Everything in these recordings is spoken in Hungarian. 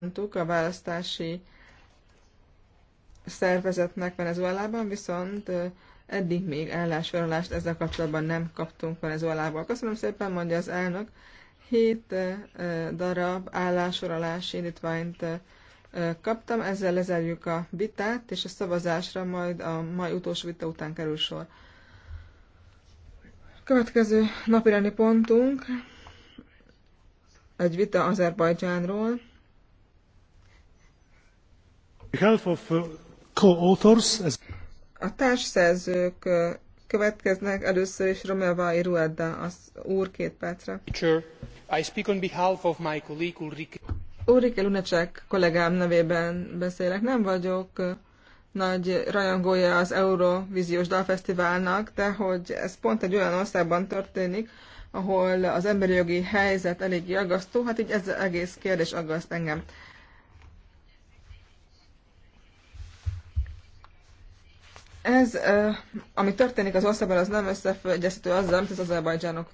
mondtuk, a választási szervezetnek Venezuelában, viszont eddig még állásfoglalást ezzel kapcsolatban nem kaptunk Venezuelából. Köszönöm szépen, mondja az elnök. Hét darab állásfoglalási indítványt kaptam, ezzel lezárjuk a vitát, és a szavazásra majd a mai utolsó vita után kerül sor. Következő napirendi pontunk egy vita Azerbajdzsánról. Uh, A társszerzők uh, következnek először is Romeva Irueda, az úr két percre. I speak on behalf of my colleague Ulrike. Ulrike Lunacek kollégám nevében beszélek. Nem vagyok uh, nagy rajongója az Eurovíziós Dalfesztiválnak, de hogy ez pont egy olyan országban történik, ahol az emberi jogi helyzet elég aggasztó, hát így ez az egész kérdés aggaszt engem. Ez, ami történik az országban, az nem összefüggeszthető azzal, amit az azerbajdzsánok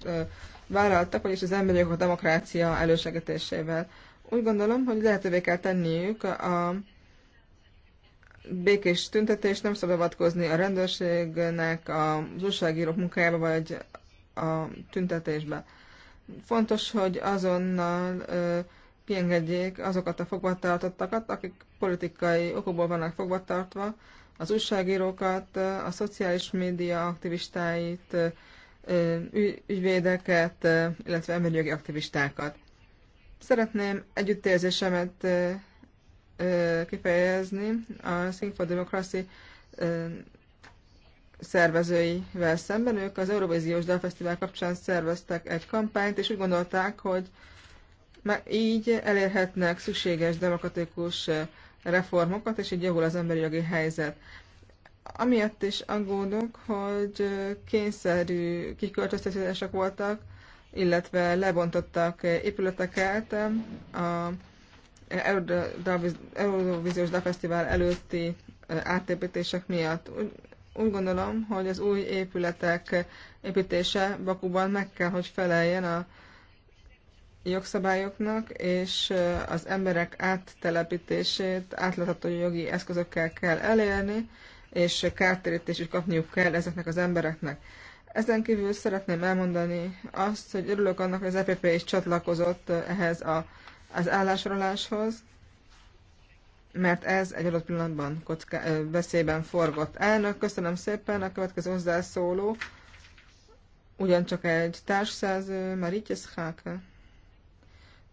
vállaltak, vagyis az emberi jogok a demokrácia elősegítésével. Úgy gondolom, hogy lehetővé kell tenniük a békés tüntetés, nem szabad avatkozni a rendőrségnek, az újságírók munkájába, vagy a tüntetésbe. Fontos, hogy azonnal kiengedjék azokat a fogvatartottakat, akik politikai okokból vannak fogvatartva, az újságírókat, a szociális média aktivistáit, ügyvédeket, illetve emberi jogi aktivistákat. Szeretném együttérzésemet kifejezni a Think for Democracy szervezőivel szemben. Ők az Eurovíziós Dalfesztivál kapcsán szerveztek egy kampányt, és úgy gondolták, hogy így elérhetnek szükséges demokratikus reformokat, és így javul az emberi jogi helyzet. Amiatt is aggódunk, hogy kényszerű kiköltöztetések voltak, illetve lebontottak épületeket a Eurovíziós Dafesztivál előtti átépítések miatt. Úgy, úgy gondolom, hogy az új épületek építése Bakuban meg kell, hogy feleljen a jogszabályoknak, és az emberek áttelepítését átlátható jogi eszközökkel kell elérni, és kártérítést is kapniuk kell ezeknek az embereknek. Ezen kívül szeretném elmondani azt, hogy örülök annak, hogy az EPP is csatlakozott ehhez a, az állásoláshoz, mert ez egy adott pillanatban kocká, veszélyben forgott. Elnök, köszönöm szépen a következő hozzászóló, ugyancsak egy társszerző, Maritjes Háke.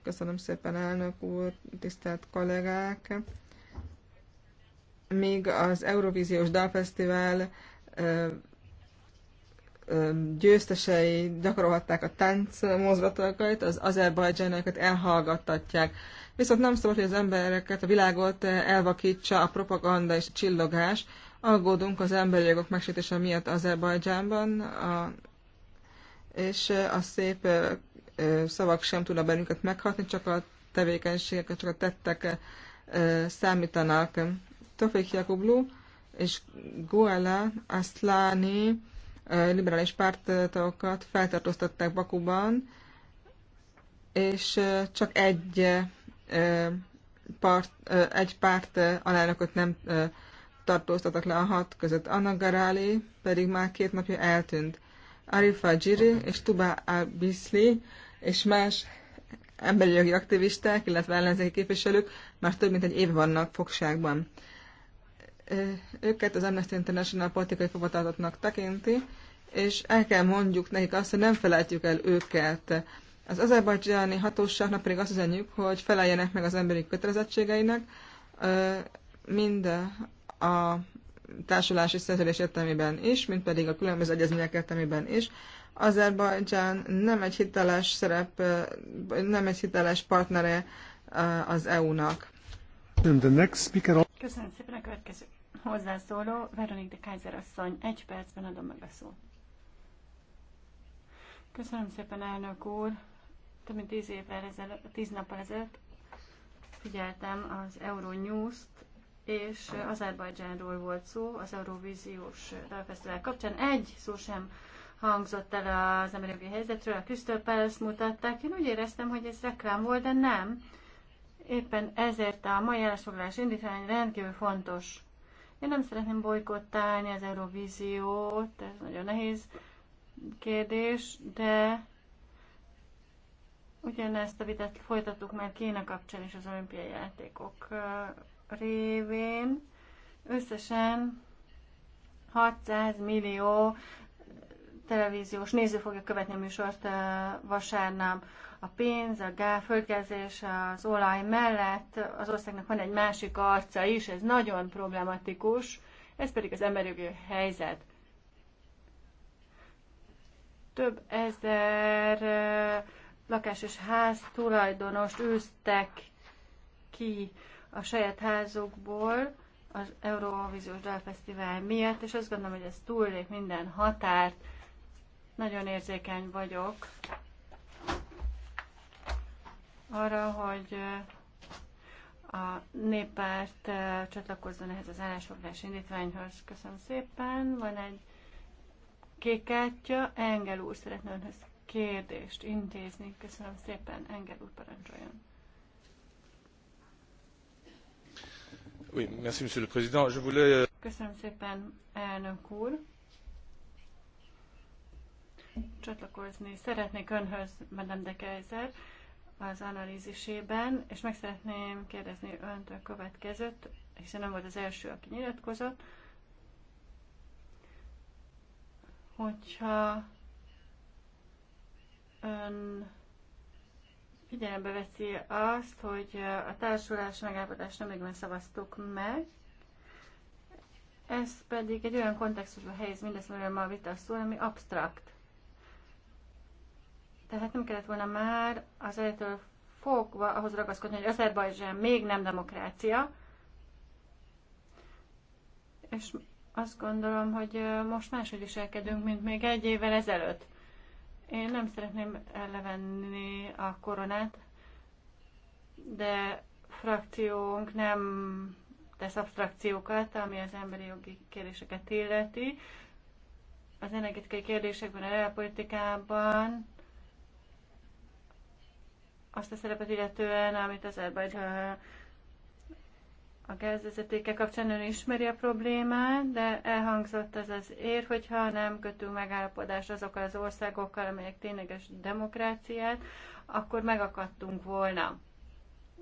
Köszönöm szépen, elnök úr, tisztelt kollégák! Még az Eurovíziós Dalfesztivál győztesei gyakorolhatták a tánc mozgatókait, az azerbajdzsánokat elhallgattatják. Viszont nem szabad, hogy az embereket, a világot elvakítsa a propaganda és a csillogás. Aggódunk az emberi jogok megsértése miatt Azerbajdzsánban, a, és a szép szavak sem tudnak bennünket meghatni, csak a tevékenységek, csak a tettek számítanak. Tofik Jakublu és Goela Aszláni liberális pártokat feltartóztatták Bakuban, és csak egy part, egy párt alelnököt nem tartóztattak le a hat között. Anna Garali pedig már két napja eltűnt. Arifa Giri és Tuba Abisli és más emberi jogi aktivisták, illetve ellenzéki képviselők már több mint egy év vannak fogságban. Őket az Amnesty International politikai fogvatartatnak tekinti, és el kell mondjuk nekik azt, hogy nem felejtjük el őket. Az azerbajdzsáni hatóságnak pedig azt üzenjük, hogy feleljenek meg az emberi kötelezettségeinek, mind a társulási szerződés értelmében is, mint pedig a különböző egyezmények értelmében is, Azerbajdzsán nem egy hiteles szerep, nem egy hiteles partnere eh, az EU-nak. Köszönöm szépen a következő hozzászóló, Veronik de Kaiser asszony. Egy percben adom meg a szót. Köszönöm szépen, elnök úr. Több mint tíz, évvel ezelőtt, tíz nappal ezelőtt figyeltem az Euronews-t, és Azerbajdzsánról volt szó az Eurovíziós Dalfesztivál kapcsán. Egy szó sem hangzott el az emberi helyzetről, a Crystal Palace mutatták. Én úgy éreztem, hogy ez reklám volt, de nem. Éppen ezért a mai állásfoglalás indítvány rendkívül fontos. Én nem szeretném bolykottálni az Eurovíziót, ez nagyon nehéz kérdés, de ugyanezt a vitát folytattuk már Kína kapcsán is az olimpiai játékok uh, révén. Összesen 600 millió televíziós néző fogja követni a műsort vasárnap. A pénz, a gá, földkezés, az olaj mellett az országnak van egy másik arca is, ez nagyon problematikus, ez pedig az emberjogi helyzet. Több ezer lakás és ház tulajdonost űztek ki a saját házukból, az Eurovíziós Dalfesztivál miatt, és azt gondolom, hogy ez túllép minden határt. Nagyon érzékeny vagyok arra, hogy a néppárt csatlakozzon ehhez az állásfoglás indítványhoz. Köszönöm szépen. Van egy kék kártya. Engel úr szeretne önhöz kérdést intézni. Köszönöm szépen. Engel úr parancsoljon. Oui, merci, monsieur le président. Je voulais... Euh, Köszönöm szépen, elnök úr csatlakozni szeretnék önhöz, Madame de Kaiser, az analízisében, és meg szeretném kérdezni a következőt, hiszen nem volt az első, aki nyilatkozott, hogyha ön figyelembe veszi azt, hogy a társulás megállapodást nemrégben szavaztuk meg, ez pedig egy olyan kontextusban helyez mindezt, amiről ma vita szól, ami absztrakt. Tehát nem kellett volna már az elejétől fogva ahhoz ragaszkodni, hogy Azerbajdzsán még nem demokrácia. És azt gondolom, hogy most máshogy viselkedünk, mint még egy évvel ezelőtt. Én nem szeretném ellevenni a koronát, de frakciónk nem tesz abstrakciókat, ami az emberi jogi kérdéseket illeti. Az energetikai kérdésekben, a realpolitikában azt a szerepet illetően, amit az Azerbajdzsán eh, a gázvezetéke kapcsán ön ismeri a problémát, de elhangzott az az ér, hogyha nem kötünk megállapodást azokkal az országokkal, amelyek tényleges demokráciát, akkor megakadtunk volna.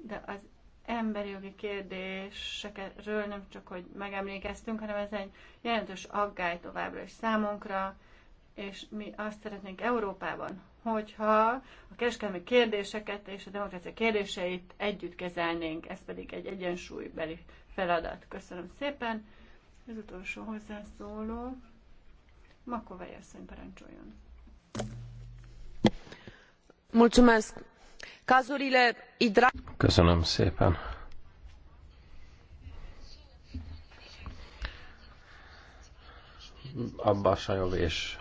De az emberi jogi kérdésekről nem csak, hogy megemlékeztünk, hanem ez egy jelentős aggály továbbra is számunkra, és mi azt szeretnénk Európában, hogyha a kereskedelmi kérdéseket és a demokrácia kérdéseit együtt kezelnénk, ez pedig egy egyensúlybeli feladat. Köszönöm szépen. Az utolsó hozzászóló, Makovai asszony parancsoljon. Mulțumesc. Cazurile idra... Köszönöm szépen. Abbasajov és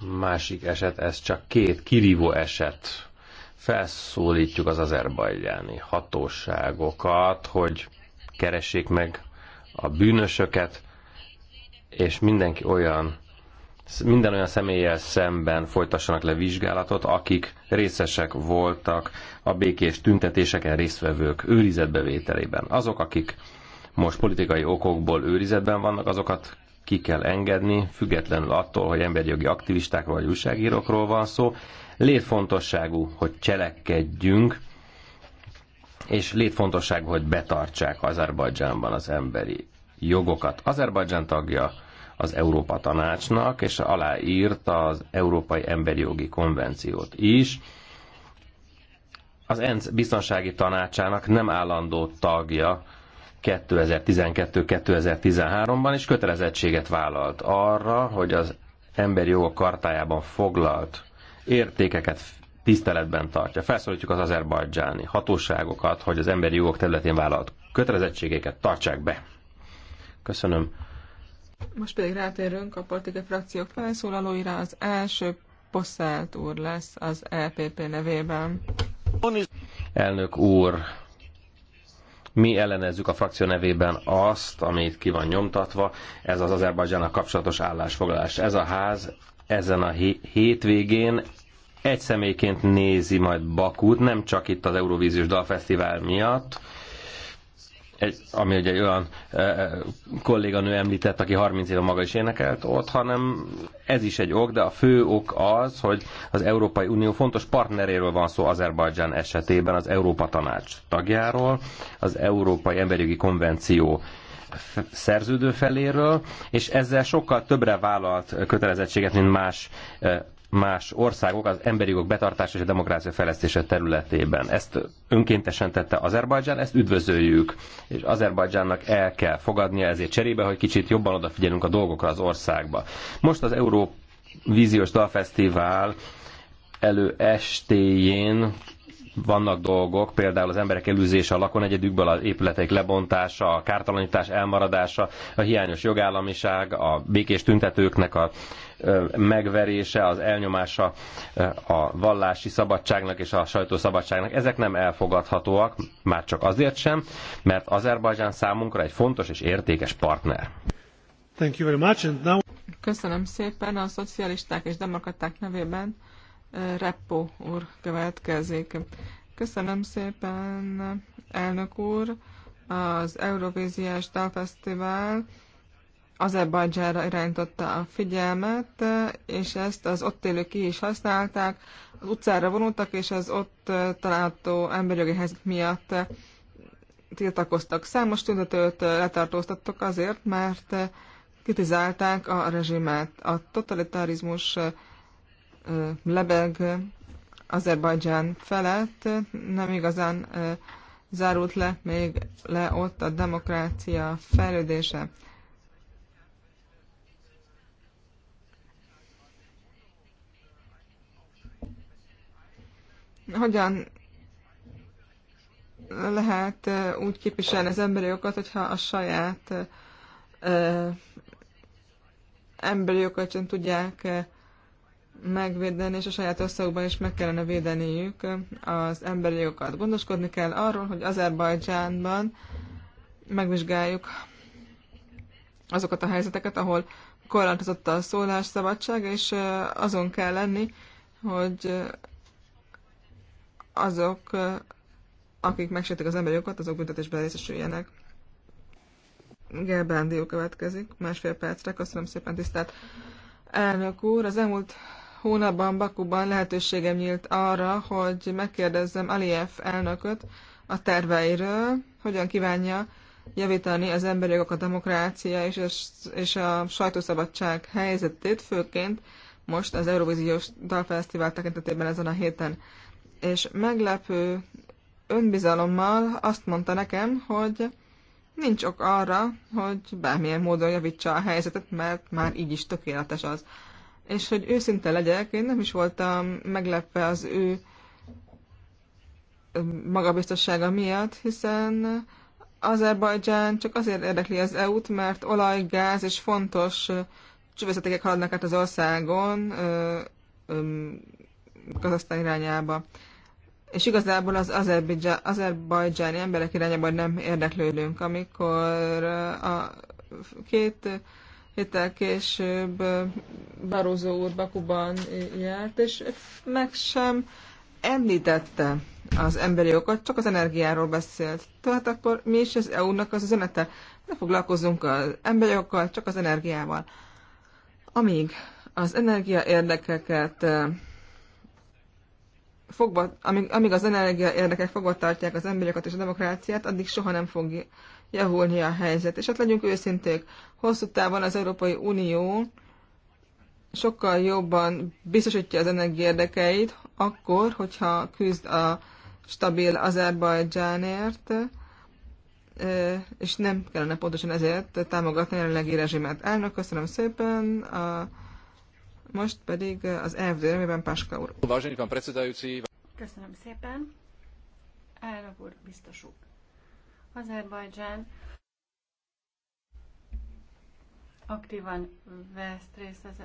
másik eset, ez csak két kirívó eset. Felszólítjuk az azerbajdzsáni hatóságokat, hogy keressék meg a bűnösöket, és mindenki olyan, minden olyan személlyel szemben folytassanak le vizsgálatot, akik részesek voltak a békés tüntetéseken résztvevők őrizetbevételében. Azok, akik most politikai okokból őrizetben vannak, azokat ki kell engedni, függetlenül attól, hogy emberjogi aktivistákról vagy újságírókról van szó. Létfontosságú, hogy cselekedjünk, és létfontosságú, hogy betartsák Azerbajdzsánban az emberi jogokat. Azerbajdzsán tagja az Európa Tanácsnak, és aláírt az Európai Emberi Jogi Konvenciót is. Az ENSZ biztonsági tanácsának nem állandó tagja 2012-2013-ban, és kötelezettséget vállalt arra, hogy az emberi jogok kartájában foglalt értékeket tiszteletben tartja. Felszólítjuk az azerbajdzsáni hatóságokat, hogy az emberi jogok területén vállalt kötelezettségeket tartsák be. Köszönöm. Most pedig rátérünk a politikai frakciók felszólalóira. Az első Posszált úr lesz az EPP nevében. Elnök úr, mi ellenezzük a frakció nevében azt, amit ki van nyomtatva, ez az Azerbajdzsának kapcsolatos állásfoglalás. Ez a ház ezen a hétvégén egy személyként nézi majd Bakút, nem csak itt az Eurovíziós Dalfesztivál miatt, egy, ami ugye egy olyan e, e kolléganő említett, aki 30 éve maga is énekelt ott, hanem ez is egy ok, de a fő ok az, hogy az Európai Unió fontos partneréről van szó Azerbajdzsán esetében, az Európa Tanács tagjáról, az Európai emberi jogi Konvenció szerződő feléről, és ezzel sokkal többre vállalt kötelezettséget, mint más e, más országok az emberi jogok betartása és a demokrácia fejlesztése területében. Ezt önkéntesen tette Azerbajdzsán, ezt üdvözöljük, és Azerbajdzsánnak el kell fogadnia ezért cserébe, hogy kicsit jobban odafigyelünk a dolgokra az országba. Most az Euróvíziós Dalfesztivál előestéjén vannak dolgok, például az emberek elűzése a lakonegyedükből, az épületek lebontása, a kártalanítás elmaradása, a hiányos jogállamiság, a békés tüntetőknek a megverése, az elnyomása a vallási szabadságnak és a sajtószabadságnak. Ezek nem elfogadhatóak, már csak azért sem, mert Azerbajdzsán számunkra egy fontos és értékes partner. Thank you very much. And now... Köszönöm szépen a szocialisták és demokraták nevében. Repo úr következik. Köszönöm szépen, elnök úr! Az Eurovíziás Dalfesztivál Azerbajdzsára irányította a figyelmet, és ezt az ott élők ki is használták, az utcára vonultak, és az ott található emberjogi helyzet miatt tiltakoztak. Számos tüntetőt letartóztattak azért, mert kritizálták a rezsimet. A totalitarizmus lebeg Azerbajdzsán felett, nem igazán zárult le még le ott a demokrácia fejlődése. Hogyan lehet úgy képviselni az emberi jogokat, hogyha a saját emberi jogokat sem tudják megvédeni, és a saját országokban is meg kellene védeniük az emberi jogokat. Gondoskodni kell arról, hogy Azerbajdzsánban megvizsgáljuk azokat a helyzeteket, ahol korlátozott a szólásszabadság, és azon kell lenni, hogy azok, akik megsértik az emberi jogokat, azok büntetésbe részesüljenek. Gerbándió következik, másfél percre, köszönöm szépen tisztelt elnök úr. Az elmúlt hónapban Bakuban lehetőségem nyílt arra, hogy megkérdezzem Aliyev elnököt a terveiről, hogyan kívánja javítani az emberi jogok, a demokrácia és a, és a sajtószabadság helyzetét, főként most az Eurovíziós Dalfesztivál tekintetében ezen a héten. És meglepő önbizalommal azt mondta nekem, hogy nincs ok arra, hogy bármilyen módon javítsa a helyzetet, mert már így is tökéletes az és hogy őszinte legyek, én nem is voltam meglepve az ő magabiztossága miatt, hiszen Azerbajdzsán csak azért érdekli az EU-t, mert olaj, gáz és fontos csövezetékek haladnak át az országon, Kazasztán irányába. És igazából az azerbajdzsáni emberek irányában nem érdeklődünk. Amikor a két héttel később Barozó úr Bakuban járt, és meg sem említette az emberi jogokat, csak az energiáról beszélt. Tehát akkor mi is az EU-nak az üzenete? Ne foglalkozzunk az emberi okkal, csak az energiával. Amíg az energia érdekeket fogva, amíg, amíg az energia érdekek fogva tartják az embereket és a demokráciát, addig soha nem fogja javulni a helyzet. És ott hát legyünk őszinték, hosszú távon az Európai Unió sokkal jobban biztosítja az ennek érdekeit, akkor, hogyha küzd a stabil Azerbajdzsánért, és nem kellene pontosan ezért támogatni a jelenlegi rezsimet. Elnök, köszönöm szépen. A, most pedig az EFD amiben Páska úr. Köszönöm szépen. Elnök úr, biztos úr. Azerbajdzsán aktívan vesz részt az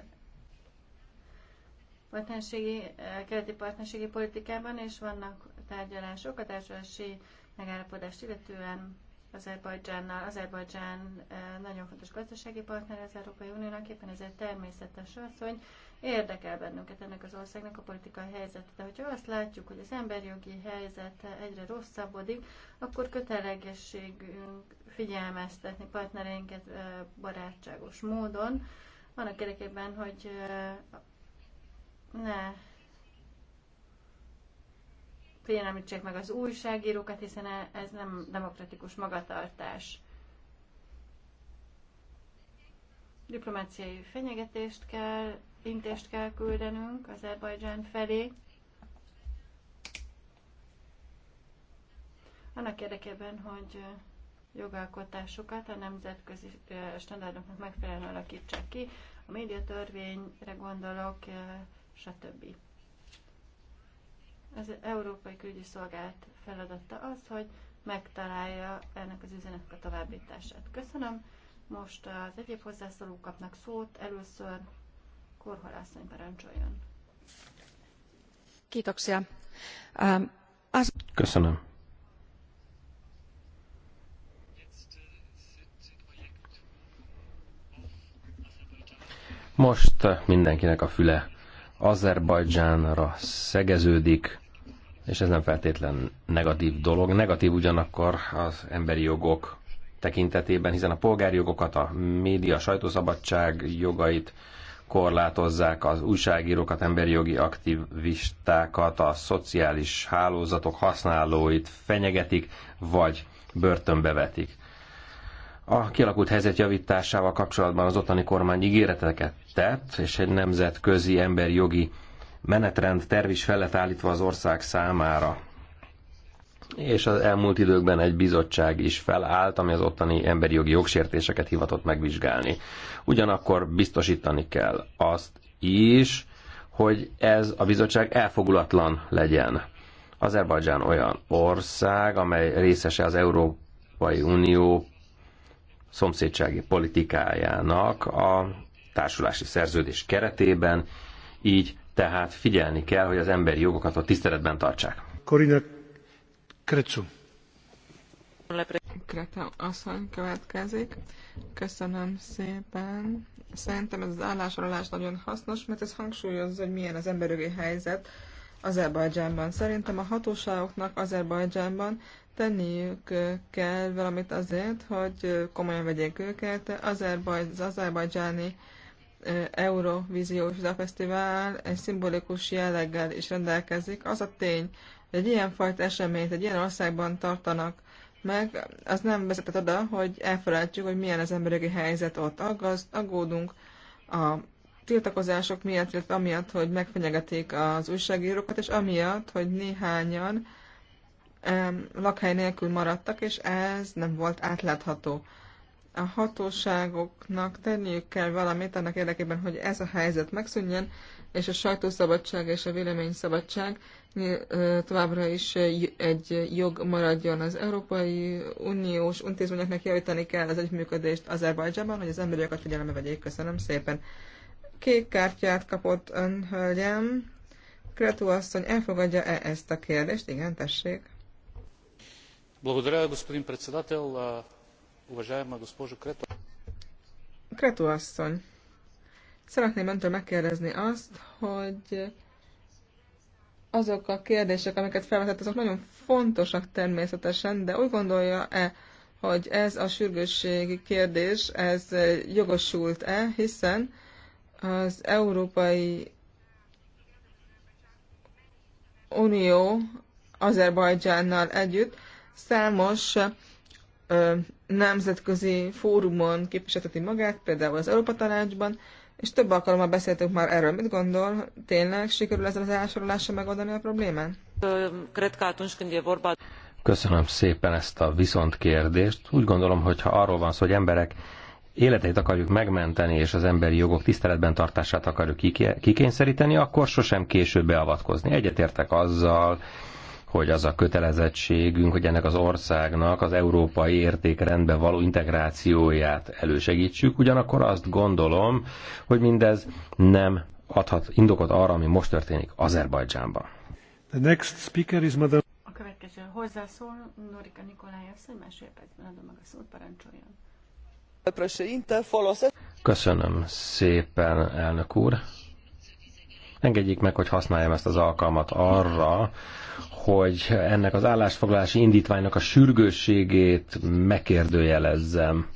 partnerségi, eh, keleti partnerségi politikában, és vannak tárgyalások a társadalmi megállapodást illetően Azerbajdzsánnal. Azerbajdzsán eh, nagyon fontos gazdasági partner az Európai Uniónak, éppen ezért természetes az, hogy Érdekel bennünket ennek az országnak a politikai helyzete, de hogyha azt látjuk, hogy az emberjogi helyzet egyre rosszabbodik, akkor kötelegességünk figyelmeztetni partnereinket barátságos módon, annak érdekében, hogy ne félemlítsék meg az újságírókat, hiszen e, ez nem demokratikus magatartás. Diplomáciai fenyegetést kell intést kell küldenünk Azerbajdzsán felé, annak érdekében, hogy jogalkotásokat a nemzetközi standardoknak megfelelően alakítsák ki, a médiatörvényre gondolok, stb. Az Európai Külügyi Szolgált feladata az, hogy megtalálja ennek az üzenetnek a továbbítását. Köszönöm. Most az egyéb hozzászólók kapnak szót. Először parancsoljon. Kiitoksia. Ähm, Köszönöm. Most eh, mindenkinek a füle Azerbajdzsánra szegeződik, és ez nem feltétlen negatív dolog. Negatív ugyanakkor az emberi jogok tekintetében, hiszen a polgári jogokat, a média, a sajtószabadság jogait, korlátozzák az újságírókat, emberi jogi aktivistákat, a szociális hálózatok használóit fenyegetik, vagy börtönbe vetik. A kialakult helyzet javításával kapcsolatban az ottani kormány ígéreteket tett, és egy nemzetközi emberi jogi menetrend terv is felett állítva az ország számára és az elmúlt időkben egy bizottság is felállt, ami az ottani emberi jogi jogsértéseket hivatott megvizsgálni. Ugyanakkor biztosítani kell azt is, hogy ez a bizottság elfogulatlan legyen. Azerbajdzsán olyan ország, amely részese az Európai Unió szomszédsági politikájának a társulási szerződés keretében, így tehát figyelni kell, hogy az emberi jogokat ott tiszteletben tartsák. Korinak Krecu. Kreta asszony következik. Köszönöm szépen. Szerintem ez az állásolás nagyon hasznos, mert ez hangsúlyozza, hogy milyen az emberi helyzet Azerbajdzsánban. Szerintem a hatóságoknak Azerbajdzsánban tenniük kell valamit azért, hogy komolyan vegyék őket. az azerbajdzsáni Eurovíziós Fesztivál egy szimbolikus jelleggel is rendelkezik. Az a tény, egy ilyenfajta eseményt egy ilyen országban tartanak meg, az nem vezetett oda, hogy elfelejtjük, hogy milyen az emberi helyzet ott. Aggaszt, aggódunk a tiltakozások miatt, illetve amiatt, hogy megfenyegetik az újságírókat, és amiatt, hogy néhányan em, lakhely nélkül maradtak, és ez nem volt átlátható. A hatóságoknak tenniük kell valamit annak érdekében, hogy ez a helyzet megszűnjön, és a sajtószabadság és a véleményszabadság továbbra is egy jog maradjon. Az Európai Uniós intézményeknek javítani kell az együttműködést Azerbajdzsában, hogy az emberi jogokat figyelembe vegyék. Köszönöm szépen. Kék kártyát kapott ön, hölgyem. Kretu asszony, elfogadja-e ezt a kérdést? Igen, tessék. Kretu asszony, szeretném öntől megkérdezni azt, hogy azok a kérdések, amiket felvetett, azok nagyon fontosak természetesen, de úgy gondolja-e, hogy ez a sürgősségi kérdés, ez jogosult-e, hiszen az Európai Unió Azerbajdzsánnal együtt számos ö, nemzetközi fórumon képviselteti magát, például az Európa Tanácsban, és több alkalommal beszéltünk már erről. Mit gondol, tényleg sikerül ezzel az elsorolással megoldani a problémát? Köszönöm szépen ezt a viszont kérdést. Úgy gondolom, hogy ha arról van szó, hogy emberek életét akarjuk megmenteni, és az emberi jogok tiszteletben tartását akarjuk kikényszeríteni, akkor sosem később beavatkozni. Egyetértek azzal, hogy az a kötelezettségünk, hogy ennek az országnak az európai értékrendbe való integrációját elősegítsük. Ugyanakkor azt gondolom, hogy mindez nem adhat indokot arra, ami most történik Azerbajdzsánban. The next speaker is Madame... A következő hozzászól Norika Nikolája, asszony, másfél percben adom meg a szót, parancsoljon. Köszönöm szépen, elnök úr. Engedjék meg, hogy használjam ezt az alkalmat arra, hogy ennek az állásfoglalási indítványnak a sürgősségét megkérdőjelezzem.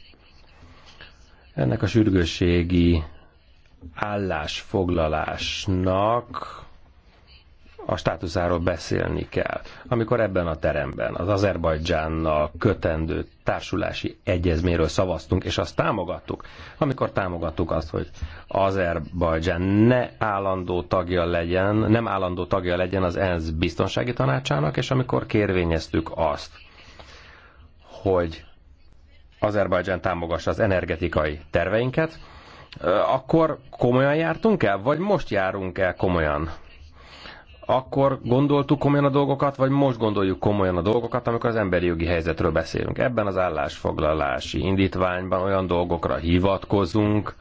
Ennek a sürgősségi állásfoglalásnak a státuszáról beszélni kell. Amikor ebben a teremben az Azerbajdzsánnal kötendő társulási egyezményről szavaztunk, és azt támogattuk, amikor támogattuk azt, hogy Azerbajdzsán ne állandó tagja legyen, nem állandó tagja legyen az ENSZ biztonsági tanácsának, és amikor kérvényeztük azt, hogy Azerbajdzsán támogassa az energetikai terveinket, akkor komolyan jártunk el, vagy most járunk el komolyan? akkor gondoltuk komolyan a dolgokat, vagy most gondoljuk komolyan a dolgokat, amikor az emberi jogi helyzetről beszélünk. Ebben az állásfoglalási indítványban olyan dolgokra hivatkozunk,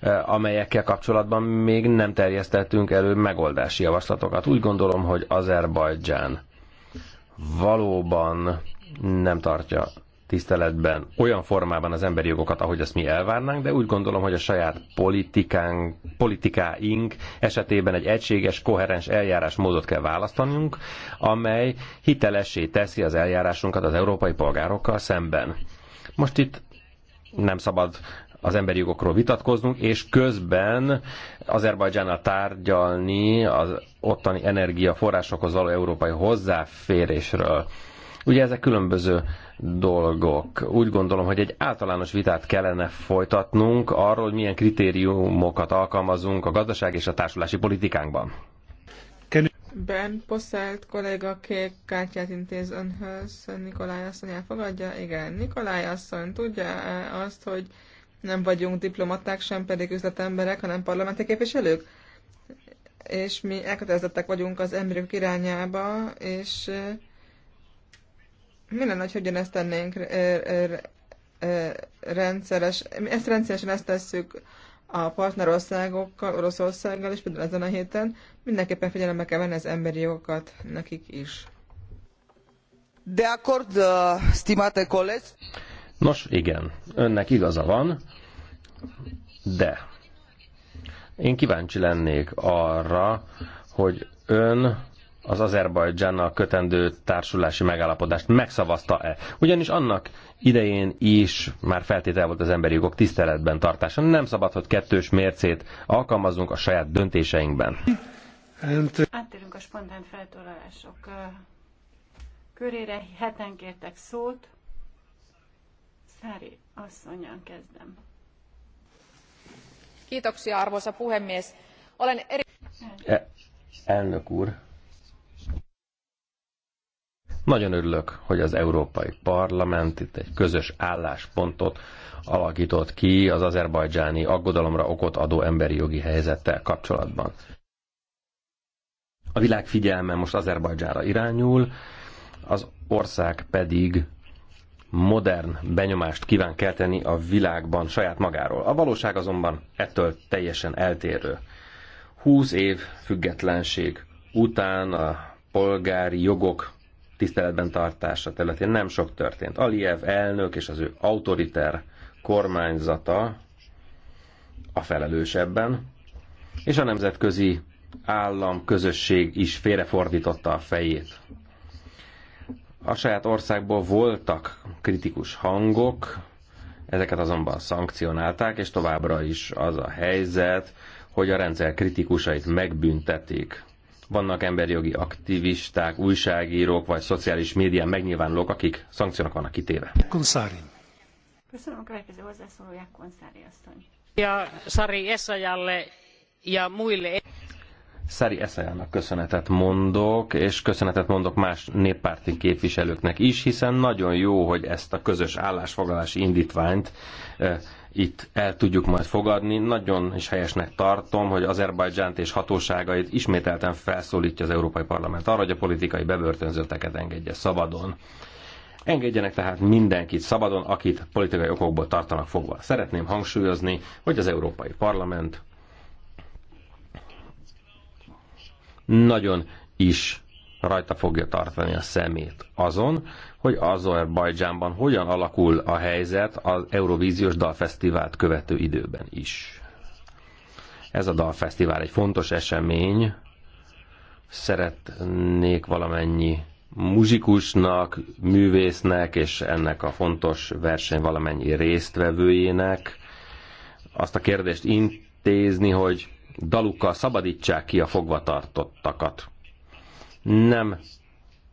eh, amelyekkel kapcsolatban még nem terjesztettünk elő megoldási javaslatokat. Úgy gondolom, hogy Azerbajdzsán valóban nem tartja tiszteletben olyan formában az emberi jogokat, ahogy azt mi elvárnánk, de úgy gondolom, hogy a saját politikánk, politikáink esetében egy egységes, koherens eljárásmódot kell választanunk, amely hitelessé teszi az eljárásunkat az európai polgárokkal szemben. Most itt nem szabad az emberi jogokról vitatkoznunk, és közben Azerbajdzsánnal tárgyalni az ottani energiaforrásokhoz való európai hozzáférésről. Ugye ezek különböző dolgok. Úgy gondolom, hogy egy általános vitát kellene folytatnunk arról, hogy milyen kritériumokat alkalmazunk a gazdaság és a társulási politikánkban. Ben Posselt kolléga kék kártyát intéz önhöz. Nikolaj asszony elfogadja? Igen. Nikolaj asszony tudja azt, hogy nem vagyunk diplomaták, sem pedig üzletemberek, hanem parlamenti képviselők? És mi elkötelezettek vagyunk az emberek irányába, és mi lenne, hogy ezt tennénk rendszeres, ezt rendszeresen ezt tesszük a partnerországokkal, Oroszországgal, és például ezen a héten mindenképpen figyelembe kell venni az emberi jogokat nekik is. De akkor, stimate kollég? Nos, igen, önnek igaza van, de én kíváncsi lennék arra, hogy ön az Azerbajdzsánnal kötendő társulási megállapodást megszavazta-e. Ugyanis annak idején is már feltétel volt az emberi jogok tiszteletben tartása. Nem szabad, hogy kettős mércét alkalmazunk a saját döntéseinkben. Áttérünk a spontán feltolások körére. Heten kértek szót. Szári asszonyan kezdem. Kiitoksia, arvoisa puhemies. Olen eri... E, elnök úr, nagyon örülök, hogy az Európai Parlament itt egy közös álláspontot alakított ki az azerbajdzsáni aggodalomra okot adó emberi jogi helyzettel kapcsolatban. A világ figyelme most Azerbajdzsára irányul, az ország pedig modern benyomást kíván kelteni a világban saját magáról. A valóság azonban ettől teljesen eltérő. 20 év függetlenség után a polgári jogok tiszteletben tartása területén nem sok történt. Aliyev elnök és az ő autoriter kormányzata a felelős ebben, és a nemzetközi állam közösség is félrefordította a fejét. A saját országból voltak kritikus hangok, ezeket azonban szankcionálták, és továbbra is az a helyzet, hogy a rendszer kritikusait megbüntetik. Vannak emberjogi aktivisták, újságírók vagy szociális médián megnyilvánulók, akik szankciónak vannak kitéve. Konszári. Köszönöm a következő hozzászólóját, Konszári asszony. Ja, Sari Eszajalle, ja Mújle. Szári Eszajának köszönetet mondok, és köszönetet mondok más néppárti képviselőknek is, hiszen nagyon jó, hogy ezt a közös állásfoglalási indítványt eh, itt el tudjuk majd fogadni. Nagyon is helyesnek tartom, hogy Azerbajdzsánt és hatóságait ismételten felszólítja az Európai Parlament arra, hogy a politikai bebörtönzötteket engedje szabadon. Engedjenek tehát mindenkit szabadon, akit politikai okokból tartanak fogva. Szeretném hangsúlyozni, hogy az Európai Parlament nagyon is rajta fogja tartani a szemét azon, hogy Azerbajdzsánban hogyan alakul a helyzet az Eurovíziós Dalfesztivált követő időben is. Ez a dalfesztivál egy fontos esemény. Szeretnék valamennyi muzsikusnak, művésznek és ennek a fontos verseny valamennyi résztvevőjének azt a kérdést intézni, hogy dalukkal szabadítsák ki a fogvatartottakat nem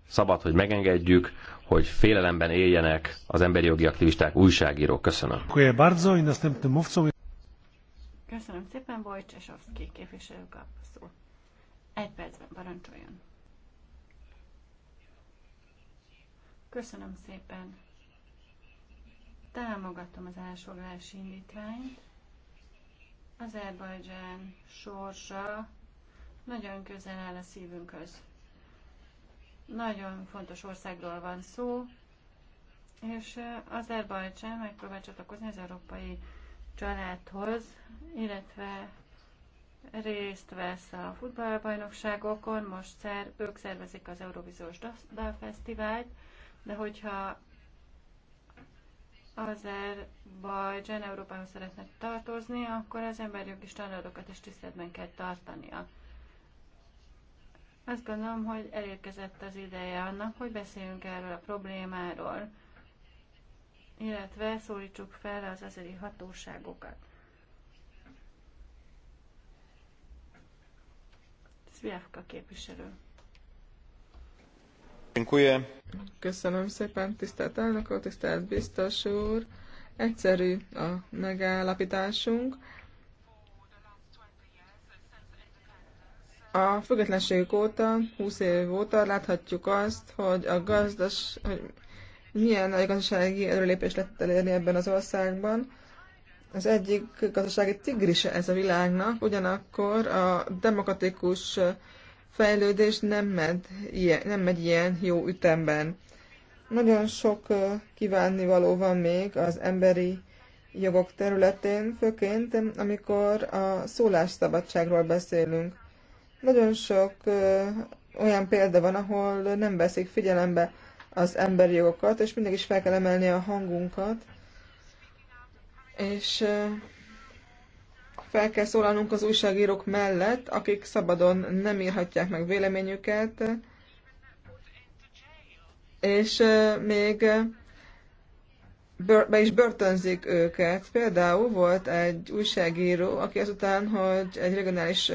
szabad, hogy megengedjük, hogy félelemben éljenek az emberi jogi aktivisták, újságírók. Köszönöm. Köszönöm szépen, Wojciechowski képviselő kap szót. Egy percben parancsoljon. Köszönöm szépen. Támogatom az elsoglási indítványt. Azerbajdzsán sorsa nagyon közel áll a szívünkhöz. Nagyon fontos országról van szó, és Azerbajcsán megpróbál csatlakozni az európai családhoz, illetve részt vesz a futballbajnokságokon, most szer, ők szervezik az Eurovíziós Dalfesztivált, de hogyha Azerbajdzsán Európához szeretne tartozni, akkor az is standardokat is tiszteletben kell tartania. Azt gondolom, hogy elérkezett az ideje annak, hogy beszéljünk erről a problémáról, illetve szólítsuk fel az azeri hatóságokat. Szviávka képviselő. Köszönöm szépen, tisztelt elnök úr, tisztelt biztos úr. Egyszerű a megállapításunk A függetlenségük óta, 20 év óta láthatjuk azt, hogy a gazdas, hogy milyen nagy gazdasági előlépés lett elérni ebben az országban. Az egyik gazdasági tigrise ez a világnak, ugyanakkor a demokratikus fejlődés nem, med, ilyen, nem megy ilyen jó ütemben. Nagyon sok kívánnivaló van még az emberi jogok területén, főként amikor a szólásszabadságról beszélünk. Nagyon sok olyan példa van, ahol nem veszik figyelembe az emberi jogokat, és mindig is fel kell emelni a hangunkat, és fel kell szólalnunk az újságírók mellett, akik szabadon nem írhatják meg véleményüket, és még be is börtönzik őket. Például volt egy újságíró, aki azután, hogy egy regionális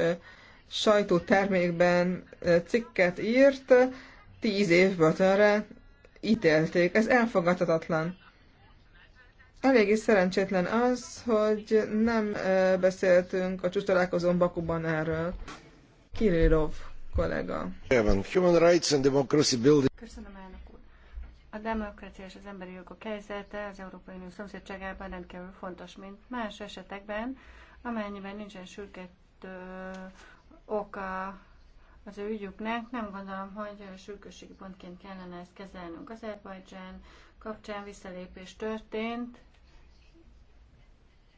sajtótermékben cikket írt, tíz év börtönre ítélték. Ez elfogadhatatlan. Eléggé szerencsétlen az, hogy nem beszéltünk a csúcstalálkozón Bakuban erről. Kirillov kollega. Human rights and democracy building. Köszönöm, elnök úr. A demokrácia és az emberi jogok helyzete az Európai Unió szomszédságában rendkívül fontos, mint más esetekben, amennyiben nincsen sürgető oka az ő ügyüknek. Nem gondolom, hogy sürgősségi pontként kellene ezt kezelnünk. Azerbajdzsán kapcsán visszalépés történt.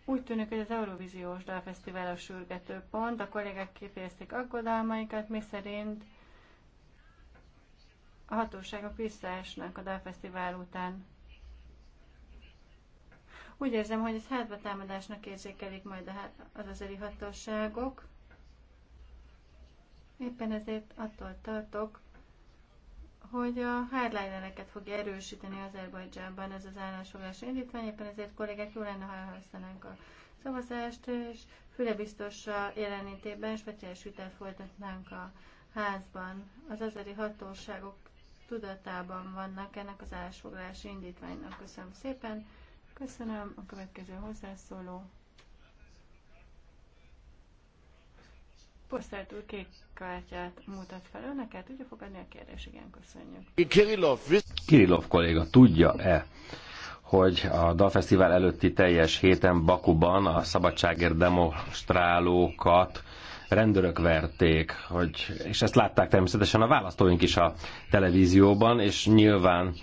Úgy tűnik, hogy az Eurovíziós Dalfesztivál a sürgető pont. A kollégák kifejezték aggodalmaikat, mi szerint a hatóságok visszaesnek a dalfesztivál után. Úgy érzem, hogy ez hátba támadásnak érzékelik majd az azeri hatóságok. Éppen ezért attól tartok, hogy a hardlinereket fogja erősíteni Azerbajdzsánban ez az állásfoglalás indítvány, éppen ezért kollégák jó lenne, ha elhasználnánk a szavazást, és füle biztos jelenlétében speciális vitát folytatnánk a házban. Az azeri hatóságok tudatában vannak ennek az állásfoglási indítványnak. Köszönöm szépen. Köszönöm. A következő hozzászóló. Posztelt úr kártyát mutat fel önnek, el tudja fogadni a kérdés? Igen, köszönjük. Kirillov, Kirillov kolléga, tudja-e, hogy a Dalfesztivál előtti teljes héten Bakuban a szabadságért demonstrálókat rendőrök verték, hogy, és ezt látták természetesen a választóink is a televízióban, és nyilván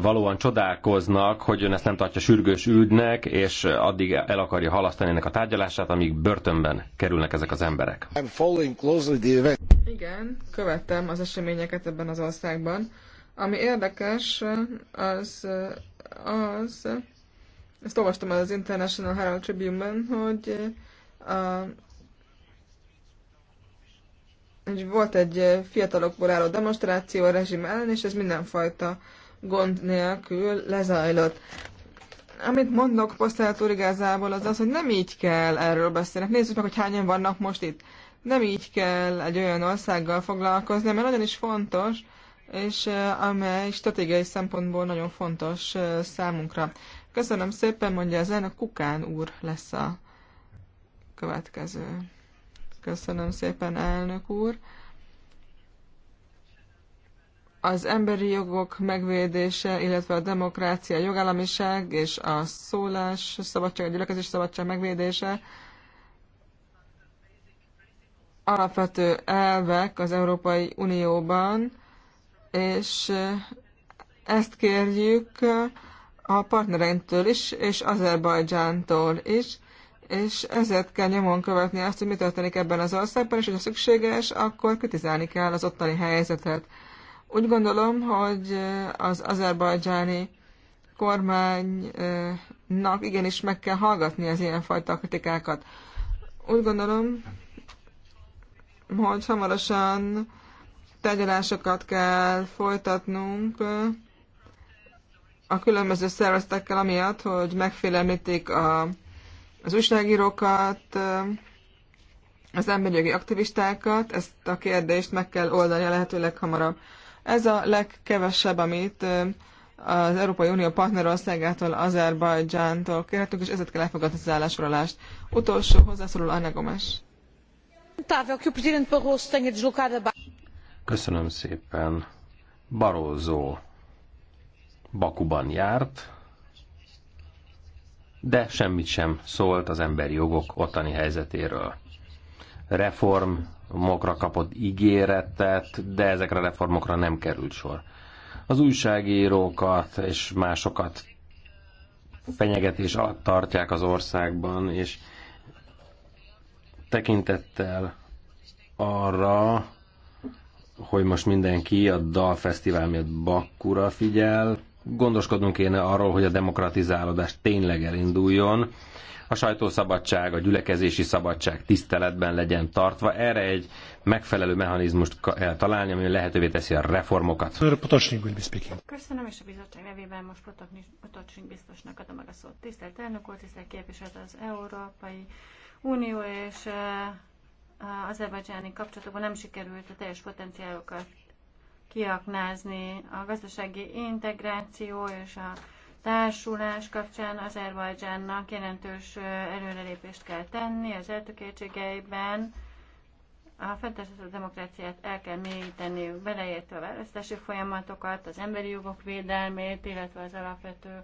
valóan csodálkoznak, hogy ön ezt nem tartja sürgős ügynek, és addig el akarja halasztani ennek a tárgyalását, amíg börtönben kerülnek ezek az emberek. Igen, követtem az eseményeket ebben az országban. Ami érdekes, az, az ezt olvastam az International Herald Tribune-ben, hogy a, volt egy fiatalokból álló demonstráció a rezsim ellen, és ez mindenfajta gond nélkül lezajlott. Amit mondok Posztelt úr igazából az az, hogy nem így kell erről beszélni. Hát nézzük meg, hogy hányan vannak most itt. Nem így kell egy olyan országgal foglalkozni, mert nagyon is fontos, és amely stratégiai szempontból nagyon fontos számunkra. Köszönöm szépen, mondja az a Kukán úr lesz a következő. Köszönöm szépen, elnök úr az emberi jogok megvédése, illetve a demokrácia, a jogállamiság és a szólás szabadság, a gyülekezés szabadság megvédése alapvető elvek az Európai Unióban, és ezt kérjük a partnereinktől is, és Azerbajdzsántól is, és ezért kell nyomon követni azt, hogy mi történik ebben az országban, és hogyha szükséges, akkor kritizálni kell az ottani helyzetet. Úgy gondolom, hogy az azerbajdzsáni kormánynak igenis meg kell hallgatni az ilyenfajta kritikákat. Úgy gondolom, hogy hamarosan tárgyalásokat kell folytatnunk a különböző szervezetekkel, amiatt, hogy megfélemlítik a, az újságírókat, az emberi jogi aktivistákat. Ezt a kérdést meg kell oldani a hamarabb. Ez a legkevesebb, amit az Európai Unió partnerországától, Azerbajdzsántól kérhetünk, és ezért kell elfogadni az állásfoglalást. Utolsó hozzászóló Anna Gomes. Köszönöm szépen. Barózó Bakuban járt, de semmit sem szólt az emberi jogok ottani helyzetéről. Reform reformokra kapott ígéretet, de ezekre a reformokra nem került sor. Az újságírókat és másokat fenyegetés alatt tartják az országban, és tekintettel arra, hogy most mindenki a dalfesztivál miatt Bakkura figyel, gondoskodnunk kéne arról, hogy a demokratizálódás tényleg elinduljon, a sajtószabadság, a gyülekezési szabadság tiszteletben legyen tartva. Erre egy megfelelő mechanizmust kell találni, ami lehetővé teszi a reformokat. Köszönöm, és a bizottság nevében most Potocsink biztosnak adom meg a szót. Tisztelt elnök úr, tisztelt képviselő az Európai Unió és az azerbajdzsáni kapcsolatokban nem sikerült a teljes potenciálokat kiaknázni. A gazdasági integráció és a társulás kapcsán Azerbajdzsánnak jelentős előrelépést kell tenni az eltökéltségeiben, a fenntartható demokráciát el kell mélyíteni, beleértve a választási folyamatokat, az emberi jogok védelmét, illetve az alapvető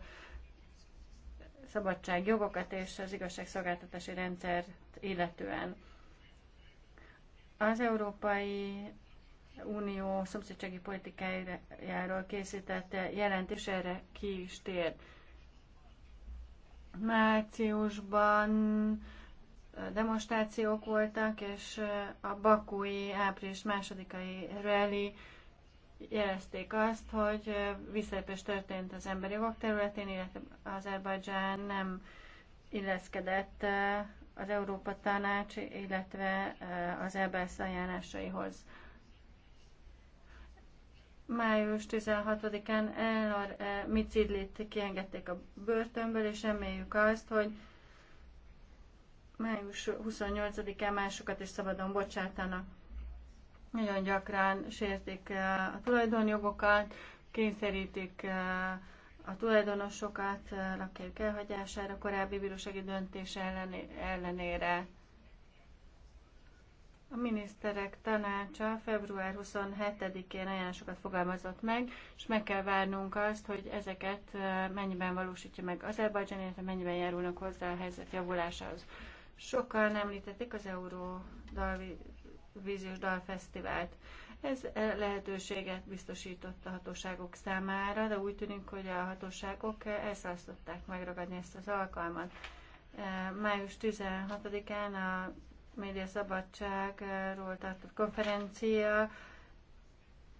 szabadságjogokat és az igazságszolgáltatási rendszert illetően. Az Európai Unió szomszédsági politikájáról készített jelentés erre ki is tér. Márciusban demonstrációk voltak, és a Bakói április másodikai rally jelezték azt, hogy visszalépés történt az emberi jogok területén, illetve Azerbajdzsán nem illeszkedett az Európa Tanács, illetve az EBS ajánlásaihoz május 16-án Elnor e, Micidlit kiengedték a börtönből, és reméljük azt, hogy május 28-án másokat is szabadon bocsátanak. Nagyon gyakran sértik e, a tulajdonjogokat, kényszerítik e, a tulajdonosokat lakók elhagyására korábbi bírósági döntés ellenére. A miniszterek tanácsa február 27-én ajánlásokat fogalmazott meg, és meg kell várnunk azt, hogy ezeket mennyiben valósítja meg Azerbajdzsán, illetve mennyiben járulnak hozzá a helyzet javulásához. Sokan említették az Euró vízius Dalfesztivált. Ez lehetőséget biztosított a hatóságok számára, de úgy tűnik, hogy a hatóságok elszalasztották megragadni ezt az alkalmat. Május 16-án a média szabadságról tartott konferencia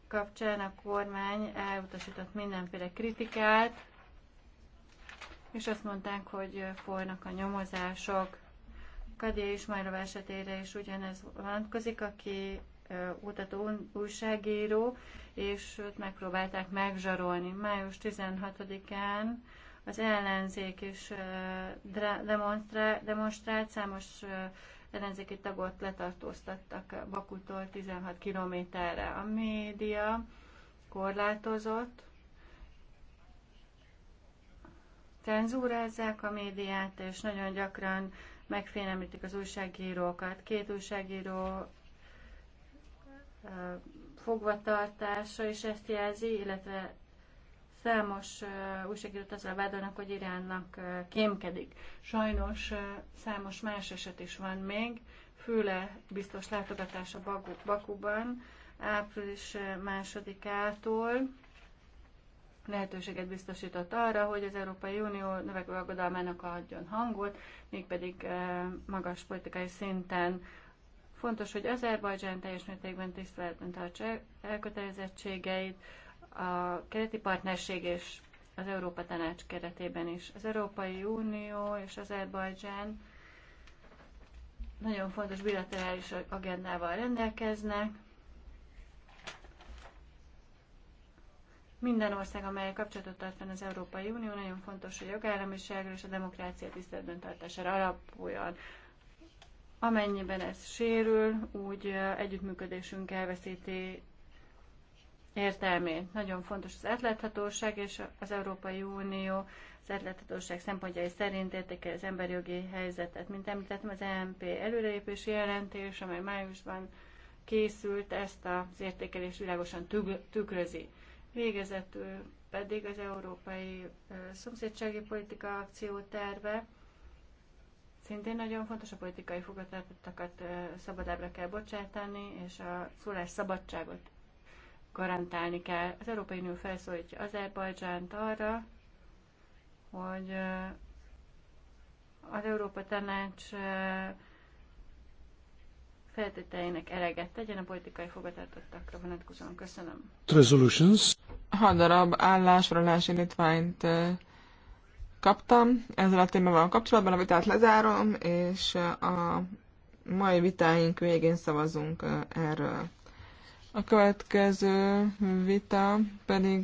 kapcsán a kormány elutasított mindenféle kritikát, és azt mondták, hogy folynak a nyomozások. Kadia Ismailov esetére is ugyanez vonatkozik, aki utató újságíró, és őt megpróbálták megzsarolni. Május 16-án az ellenzék is demonstrált, számos ellenzéki tagot letartóztattak Bakutól 16 kilométerre. A média korlátozott, cenzúrázzák a médiát, és nagyon gyakran megfélemlítik az újságírókat. Két újságíró fogvatartása is ezt jelzi, illetve Számos uh, újságírót azzal vádolnak, hogy Iránnak uh, kémkedik. Sajnos uh, számos más eset is van még, főle biztos látogatása Baku, Bakuban április másodikától lehetőséget biztosított arra, hogy az Európai Unió növekvő aggodalmának adjon hangot, mégpedig magas politikai szinten. Fontos, hogy Azerbajdzsán teljes mértékben tiszteletben tartsa elkötelezettségeit, a keleti partnerség és az Európa Tanács keretében is. Az Európai Unió és Azerbajdzsán nagyon fontos bilaterális agendával rendelkeznek. Minden ország, amely kapcsolatot tart fenn az Európai Unió, nagyon fontos, hogy a jogállamiságra és a demokrácia tiszteletben tartására alapuljon. Amennyiben ez sérül, úgy együttműködésünk elveszíti értelmét. Nagyon fontos az átláthatóság, és az Európai Unió az átláthatóság szempontjai szerint értékel az emberi jogi helyzetet. Mint említettem, az EMP előrelépési jelentés, amely májusban készült, ezt az értékelés világosan tükrözi. Végezetül pedig az Európai Szomszédsági Politika akcióterve, Szintén nagyon fontos, a politikai fogvatartottakat szabadábra kell bocsátani, és a szólás szabadságot garantálni kell. Az Európai Unió felszólítja Azerbajdzsánt arra, hogy eh, az Európa Tanács eh, feltételeinek eleget tegyen a politikai fogadatottakra vonatkozóan. Köszönöm. Resolutions. Hat darab állásfoglalási indítványt eh, kaptam. Ezzel a témával kapcsolatban a vitát lezárom, és a mai vitáink végén szavazunk erről. A következő vita pedig